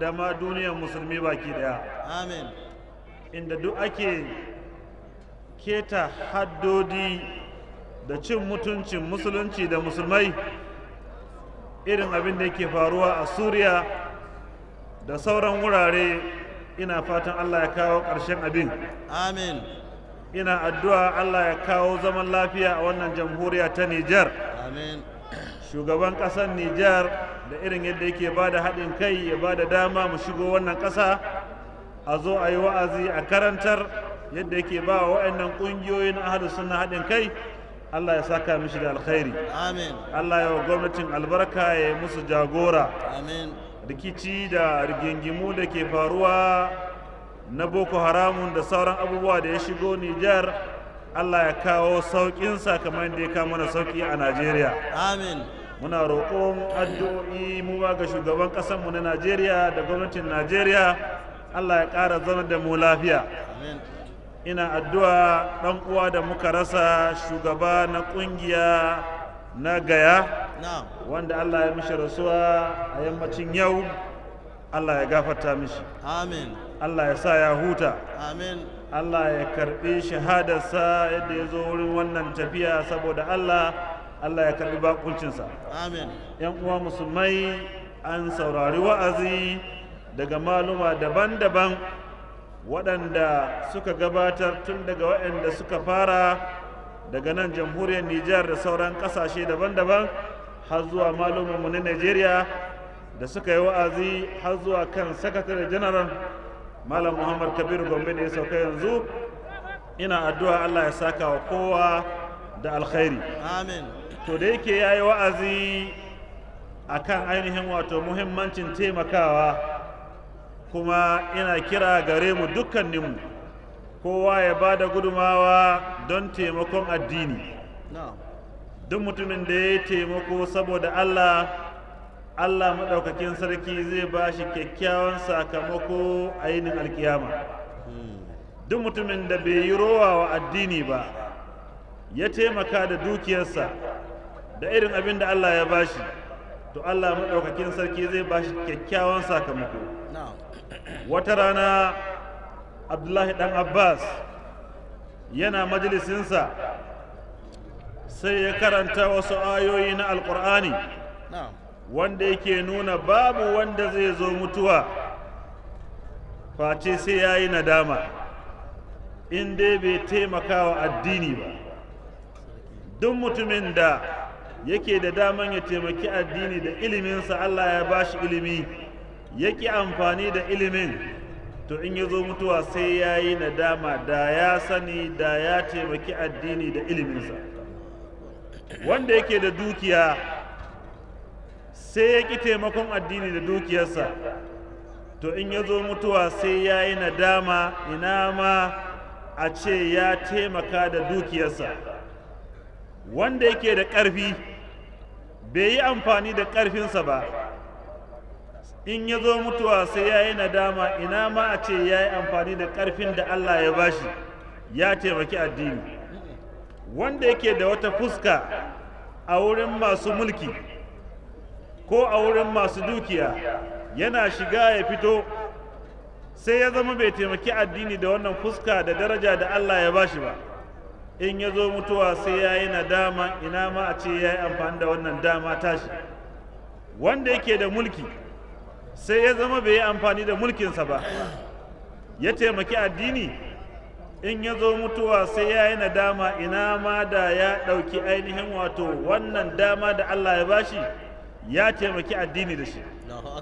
da ma duniyar musulmi baki daya amin inda duk ake keta haddodi da cin mutuncin musulunci da musulmai irin abin da yake faruwa a suriya da sauran wurare ina fatan allah ya kawo ƙarshen abin amin ina addu'a allah ya kawo zaman lafiya a wannan jamhuriya ta nijar shugaban ƙasar Nijar da irin yadda yake ba da haɗin kai ya ba da dama mu shigo wannan ƙasa a zo a yi wa'azi a karantar yadda yake ba wa waɗannan ƙungiyoyin ahalu suna haɗin kai Allah ya saka mishi da alkhairi amin Allah ya wa gwamnatin albarka ya yi musu jagora amin rikici da rigingimu da ke faruwa na boko haramun da sauran abubuwa da ya shigo Nijar Allah ya kawo sauƙinsa kamar da ya kawo mana sauƙi a Najeriya amin muna roƙon addu'o'i mu ga shugaban mu na najeriya da gwamnatin najeriya allah ya ƙara zama da mu lafiya ina addu'a ɗan uwa da muka rasa shugaba na ƙungiya na gaya wanda allah ya mishi rasuwa a yammacin yau allah ya gafarta mishi allah ya sa ya huta amin allah ya karɓi shahadarsa yadda ya zo wurin wannan tafiya saboda allah Allah ya karbi bakuncinsa amin yan uwa musulmai an saurari wa'azi daga maluma daban-daban waɗanda suka gabatar tun daga waɗanda suka fara daga nan jamhuriyar Nijar da sauran ƙasashe daban-daban har zuwa malumanmu na Najeriya da suka yi wa'azi har zuwa kan sakatare janaral malam muhammad kabiru gombe da ya sauka yanzu ina addu'a allah ya saka wa kowa da alkhairi amin to da yake ya yi wa'azi a kan ainihin wato muhimmancin taimakawa kuma ina kira gare mu dukkaninmu kowa ya ba da gudumawa don taimakon addini duk mutumin da ya taimako saboda allah allah maɗaukakin sarki zai ba shi kyakkyawan sakamako ainihin alkiyama hmm. duk mutumin da bai yi rowa wa addini ba ya taimaka da dukiyarsa da irin abin da Allah ya bashi to Allah maɗaukakin sarki zai bashi kyakkyawan sakamako wata rana abdullahi ɗan abbas yana majalisinsa sai ya karanta wasu ayoyi na alkur'ani wanda yake nuna babu wanda zai zo mutuwa face sai ya yi nadama in dai bai taimakawa addini ba duk mutumin da yake da daman ya taimaki addini da iliminsa Allah ya ba shi ilimi yake amfani da ilimin to in ya zo mutuwa sai ya yi nadama da ya sani da ya taimaki addini da iliminsa wanda yake da dukiya sai ya ƙi taimakon addini da dukiyarsa to in ya zo mutuwa sai ya yi nadama ina ma a ce ya taimaka da dukiyarsa wanda yake da ƙarfi bai yi amfani da ƙarfinsa ba in ya zo mutuwa sai ya yi nadama ina ma a ce ya yi amfani da ƙarfin da Allah ya bashi ya taimaki addini wanda yake da wata fuska a wurin masu mulki ko a wurin masu dukiya yana shiga ya fito sai ya zama bai taimaki addini da wannan fuska da daraja da Allah ya bashi ba in ya zo mutuwa sai ya yi nadama ina ma a ce ya yi amfani da wannan dama tashi wanda yake da mulki sai ya zama bai yi amfani da mulkinsa ba ya taimaki addini in ya zo mutuwa sai ya yi nadama ina ma da ya ɗauki ainihin wato wannan dama da Allah ya bashi ya taimaki addini da shi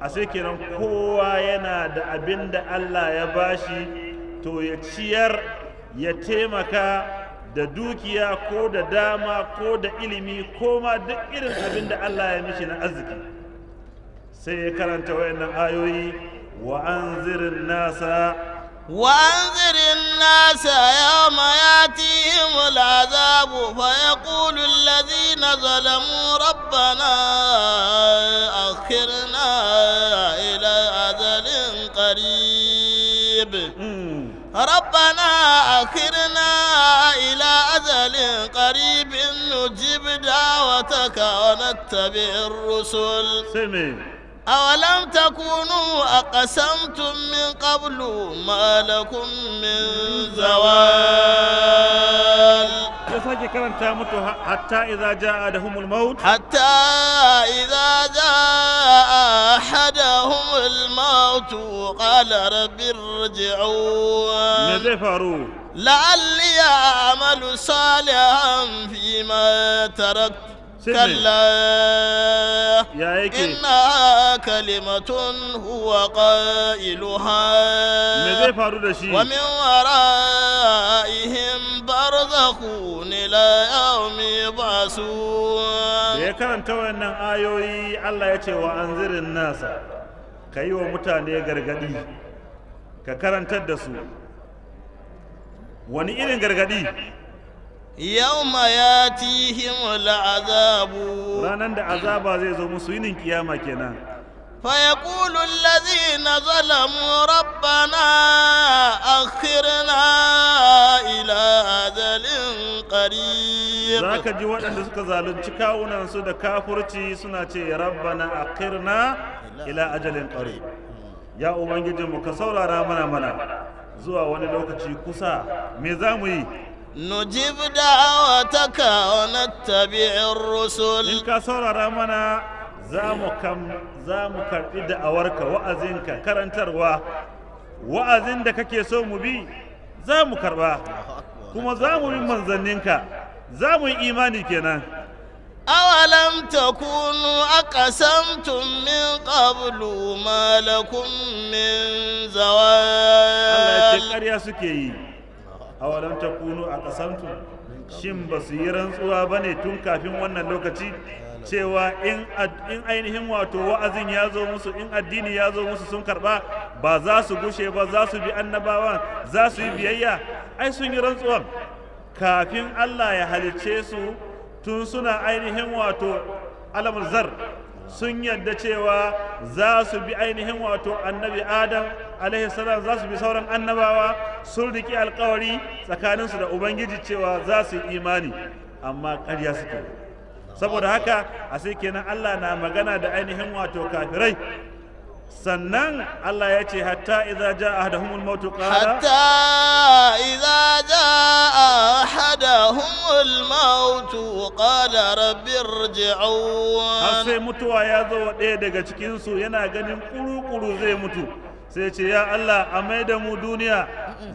a sai kenan kowa yana da abin da Allah ya bashi to ya ciyar ya taimaka da dukiya ko da dama ko da ilimi ko ma duk irin abin da Allah ya mishi na arziki sai ya karanta wayannan ayoyi wa anzirin nasa wa anzirin nasa yawma yatihim al'azabu fa yaqulu alladhina zalamu rabbana akhirna ila ajalin qarib ربنا أخرنا إلى أزل قريب نجيب دعوتك ونتبع الرسل سمين أولم تكونوا أقسمتم من قبل ما لكم من زوال حتى إذا جاء أحدهم الموت حتى إذا جاء أحد أتاهم الموت قال رب ارجعون ماذا فعلوا لعلي أعمل صالحا فيما تركت كلا إنها كلمة هو قائلها ومن ورائهم برزخون إلى يوم يبعثون da ya karanta wannan ayoyi Allah ya ce wa anzirin nasa ka yi wa mutane gargadi ka karantar da su wani irin gargadi yawma yatihim la'azabu. Ranar da azaba zai zo musu yinin kiyama kenan فيقول الذين ظلموا ربنا أخرنا إلى أجل قريب ذاك جوان أن سكا زالون تكاونا نسود كافرتي سنة ربنا أخرنا إلى أجل قريب يا أبنجي مكسولا رامنا منا زوا واني lokaci kusa me za mu yi nujib da'awataka wa nattabi'ir rusul za mu karɓi da'awarka wa'azinka karantarwa wa'azin da kake so mu bi za mu karɓa kuma za mu bi manzanninka za mu yi imani kenan takunu aqasamtum min qablu ma lakum min zawal Allah ya يتكر suke yi awalam takunu aqasamtum shin ba su yi rantsuwa ba ne tun kafin wannan lokaci cewa in ainihin wato wa'azin ya zo musu in addini ya zo musu sun karba ba za su gushe ba za su bi annabawan za su yi biyayya ai sun yi rantsuwan kafin Allah ya halicce su tun suna ainihin wato alamul sun yadda cewa za su bi ainihin wato annabi adam alaihi salam za su bi sauran annabawa sun riƙe alkawari tsakaninsu da ubangiji cewa za su yi imani amma ƙarya suke saboda haka a sai kenan Allah na magana da ainihin wato kafirai sannan Allah ya ce hatta idza jaa ahaduhumul maut qala hatta idza jaa ahaduhumul maut qala rabbi irji'un sai mutuwa ya zo ɗaya daga cikin su yana ganin ƙuruƙuru zai mutu sai ce ya Allah a mai mu duniya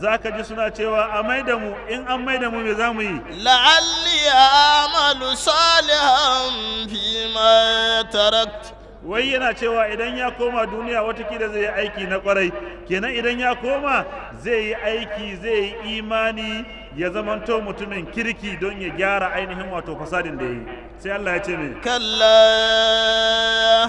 za ka ji suna cewa a mai da mu in an mai da mu me za mu yi la'alli salihan fi ma tarak. wai yana cewa idan ya koma duniya wata watakila zai yi aiki na kwarai kenan idan ya koma zai yi aiki zai yi imani ya zamanto mutumin kirki don ya gyara ainihin wato fasadin da yi sai Allah ya ce mai kalla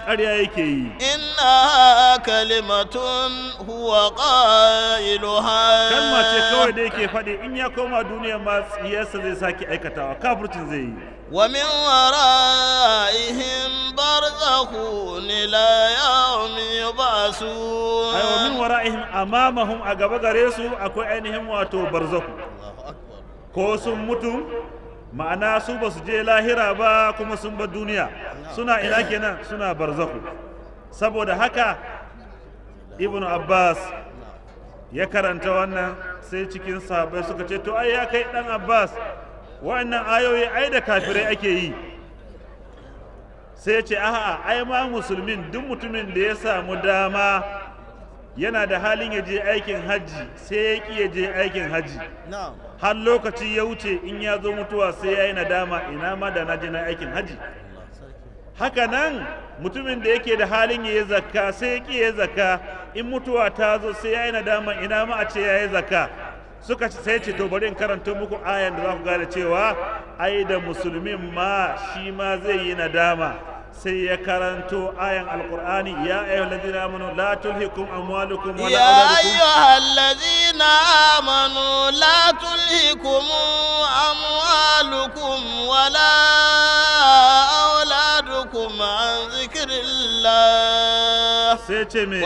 ƙarya yake yi inna kalimatun huwa qailuha kalma ce kawai da yake faɗi in ya koma duniya ma tsiyarsa zai sake aikatawa kafircin zai yi wa min wara'ihim barzakhun ila yawmi yub'asun ay wa min wara'ihim amamahum a gaba gare su akwai ainihin wato barzakhu ko sun mutu ma'ana su ba su je lahira ba kuma sun ba duniya suna ina kenan suna barzaku saboda haka ibn abbas ya karanta wannan sai cikin sahabbai suka ce to ai ya kai dan abbas wa'annan ayoyi ai da kafirai ake yi sai ce a'a ai ma musulmin duk mutumin da ya samu dama yana da halin ya je aikin hajji sai ya ƙi ya je aikin hajji har lokaci ya wuce in ya zo mutuwa sai ya yi nadama ina ma da na je na aikin hajji haka nan mutumin da yake da halin ya yi zakka sai ya ƙi ya zakka in mutuwa ta zo sai ya yi nadama ina ma a ce ya yi zakka suka ce sai ce to bari in karanta muku ayan da za ku gane cewa ai da musulmin ma shi ma zai yi nadama sai ya karanto ayan alkur'ani ya ayyuhallazina amanu la tulhikum amwalukum wala ya ayyuhallazina amanu la tulhikum amwalukum wala ينهاكم عن ذكر الله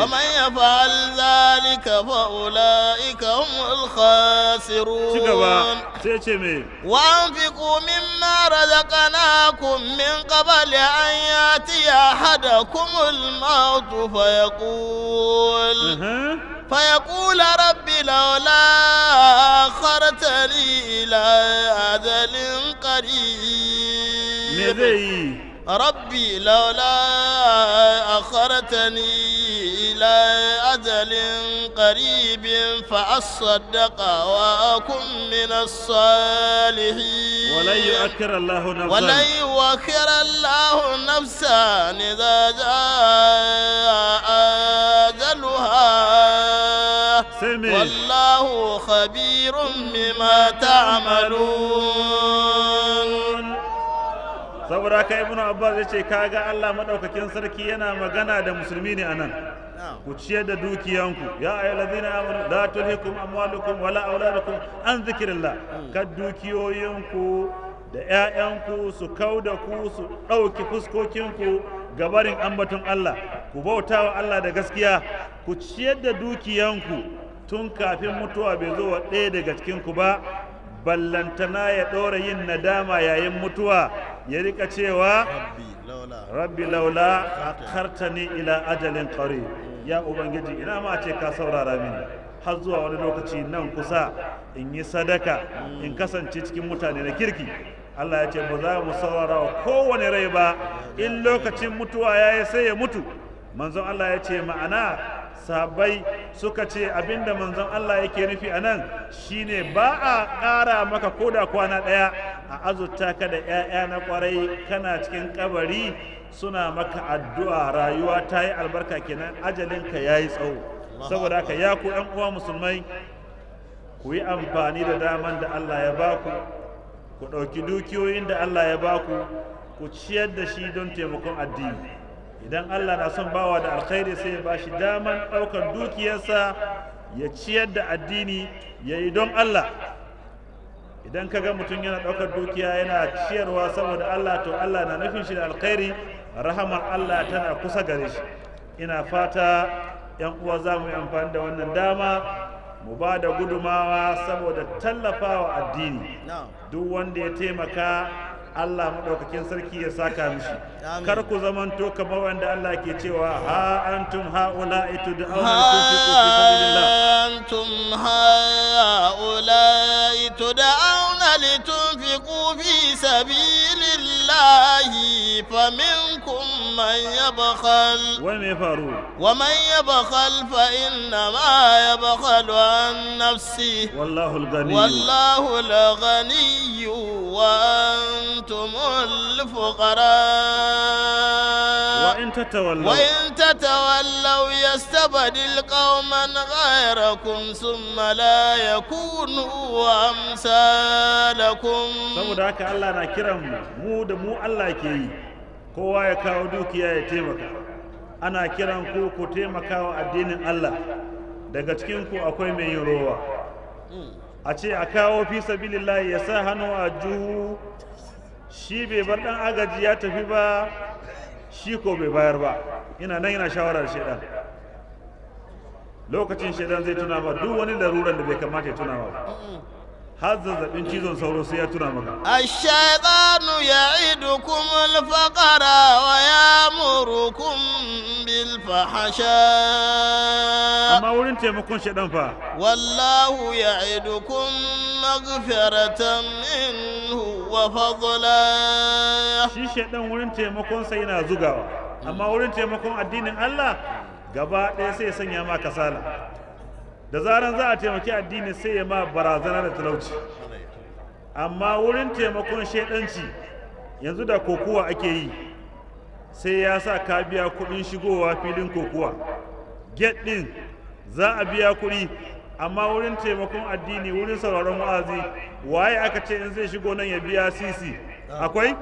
ومن يفعل ذلك فأولئك هم الخاسرون وأنفقوا مما رزقناكم من قبل أن يأتي أحدكم الموت فيقول فيقول رب لولا أخرتني إلى أجل قريب ربي لولا أخرتني إلى أجل قريب فأصدق وأكن من الصالحين ولن يؤخر الله نفسا ولن يؤخر الله نفسا إذا جاء أجلها والله خبير بما تعملون saboda haka ibn abbas ya ce kaga allah maɗaukakin sarki yana magana da musulmi ne anan ku ciyar da dukiyanku ya ayyuhal ladina amanu la tulhikum amwalukum wala auladukum an zikrillah hmm. ka dukiyoyinku da ƴaƴanku su kau da ku su ɗauki fuskokinku gabarin ambaton Allah ku bauta wa Allah da gaskiya ku ciyar da dukiyanku tun kafin mutuwa bai zo wa ɗaya daga ku ba ballantana ya ɗora yin nadama yayin mutuwa ya rika cewa rabbi laula ni ila ajalin qarib ya ubangiji ina ma ce ka saurara mini har zuwa wani lokaci nan kusa in yi sadaka in kasance cikin mutane na kirki Allah ya ce ba za mu saurara wa kowane rai ba in lokacin mutuwa ya yi sai ya mutu manzon Allah ya ce ma'ana sahabbai suka ce abinda manzon Allah yake nufi a nan shine ba a ƙara maka koda kwana ɗaya a azurta ka da 'ya'ya na ƙwarai kana cikin ƙabari suna maka addu'a rayuwa ta yi albarka kenan ajalinka ya yi tsawo saboda haka ya ku ‘yan uwa musulmai ku yi amfani da daman da Allah ya baku ku ɗauki dukiyoyin da Allah ya baku ku ciyar da shi don taimakon addini idan Allah na son bawa da alkhairi sai ya shi daman ɗaukar dukiyarsa ya ciyar da addini ya yi don Allah idan ka ga mutum yana ɗaukar dukiya yana ciyarwa saboda Allah to Allah na nufin shi da alkhairi rahamar Allah tana kusa gare shi ina fata yan uwa za mu yi amfani da wannan dama mu ba da gudumawa saboda tallafawa addini duk wanda ya taimaka Allah maɗaukakin sarki ya saka mishi kar ku zamanto kamar wanda Allah ke cewa ha antum haula itu da auna antum haula itu da auna litunfiqu fi sabilillahi, fa faminkum man yabkhal wa me faru wa man yabkhal fa inna ma yabkhalu an nafsi wallahu al-ghani wallahu al-ghani wa الفقراء وإن تتولوا وإن تتولوا يستبدل قوما غيركم ثم لا يكونوا أمثالكم saboda haka Allah na kiran mu da mu Allah ke yi kowa ya kawo dukiya ya taimaka ana kiran ku ku taimakawa addinin Allah daga cikin ku akwai mai yin rowa a ce a kawo fisa sabilillahi ya sa hannu a juhu shi bai bar dan agaji ya tafi ba shi ko bai bayar ba ina nan ina shawarar shaidan lokacin shaidan zai tuna ba duk wani laruran da bai kamata ya tuna ba har zazzabin cizon sauro sai ya tuna maka ash-shaytanu ya'idukum al-faqra wa ya'murukum bil fahasha. amma wurin taimakon shaɗan fa wallahu ya'idukum maghfiratan minhu wa fadla shi shaydan wurin taimakon sa yana zugawa amma wurin taimakon addinin Allah gaba ɗaya sai ya sanya ma kasala da zaran za a taimaki addini sai ya ma barazana da talauci amma wurin taimakon shaidanci yanzu da kokuwa ake yi sai ya sa ka biya kuɗin shigowa filin kokuwa get ɗin za a biya kuɗi amma wurin taimakon addini wurin sauraron wa'azi waye aka ce in zai shigo nan ya biya sisi akwai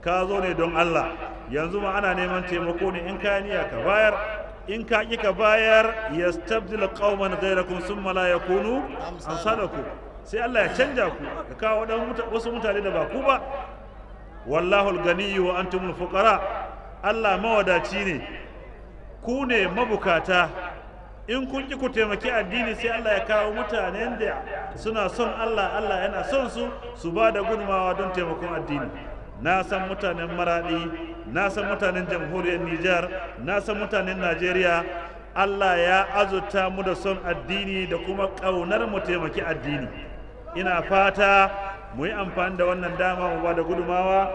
ka zo ne don Allah yanzu ma ana neman taimako ne in ka niyya ka bayar in ka ƙi ka bayar ya stabdil qauman ghayrakum summa la yakunu ku sai Allah ya canja ku ka kawo wasu mutane da ba ku ba wallahul ganiyyu wa antumul fuqara Allah mawadaci ne ku ne mabukata in kun ki ku taimaki addini sai Allah ya kawo mutanen da suna son Allah Allah yana son su su ba da gudunmawa don taimakon addini na san mutanen maradi na san mutanen jamhuriyar nijar na san mutanen najeriya allah ya azurta mu da son addini da kuma ƙaunar mu taimaki addini ina fata mu yi amfani da wannan dama mu ba da gudumawa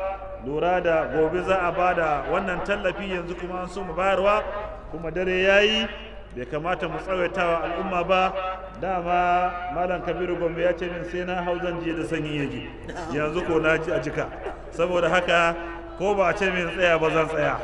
lura da gobe za a ba da wannan tallafi yanzu kuma an so mu bayarwa kuma dare ya yi bai kamata mu tsawaitawa al'umma ba dama malam kabiru gombe ya ce min sai na hau zan je da sanyi yaji yanzu ko na ji a jika saboda haka ko ba a ce mai tsaya ba zan tsaya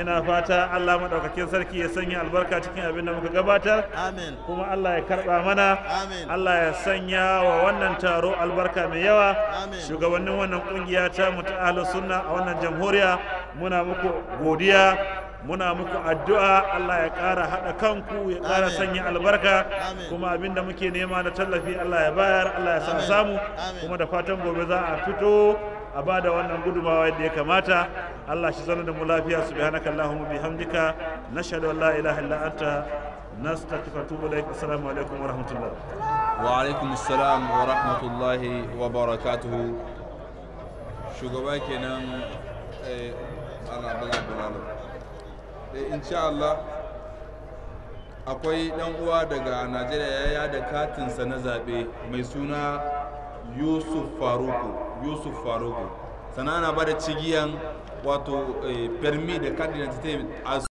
ina fata Allah madaukakin sarki ya sanya albarka cikin abin da muka gabatar amin kuma Allah ya karba mana amin Allah ya sanya wa wannan taro albarka mai yawa shugabannin wannan kungiya ta mu ta sunna a wannan jamhuriya muna muku godiya muna muku addu'a Allah ya ƙara haɗa kanku ya ƙara sanya albarka kuma abin da muke nema na tallafi Allah ya bayar Allah ya sa samu kuma da fatan gobe za a fito a ba da wannan gudumawa yadda ya kamata Allah shi zana da mu lafiya subhanaka allahumma bihamdika nashhadu an la ilaha illa anta nastaghfiruka wa atubu ilaik assalamu alaikum wa rahmatullah wa alaikum assalam wa rahmatullahi wa barakatuhu shugaba kenan ana bala bala insha Allah akwai dan uwa daga Najeriya ya da katinsa na zabe mai suna yusuf faruku yusuf faruku sanana na ba cigiyan wato eh, permi da card identity a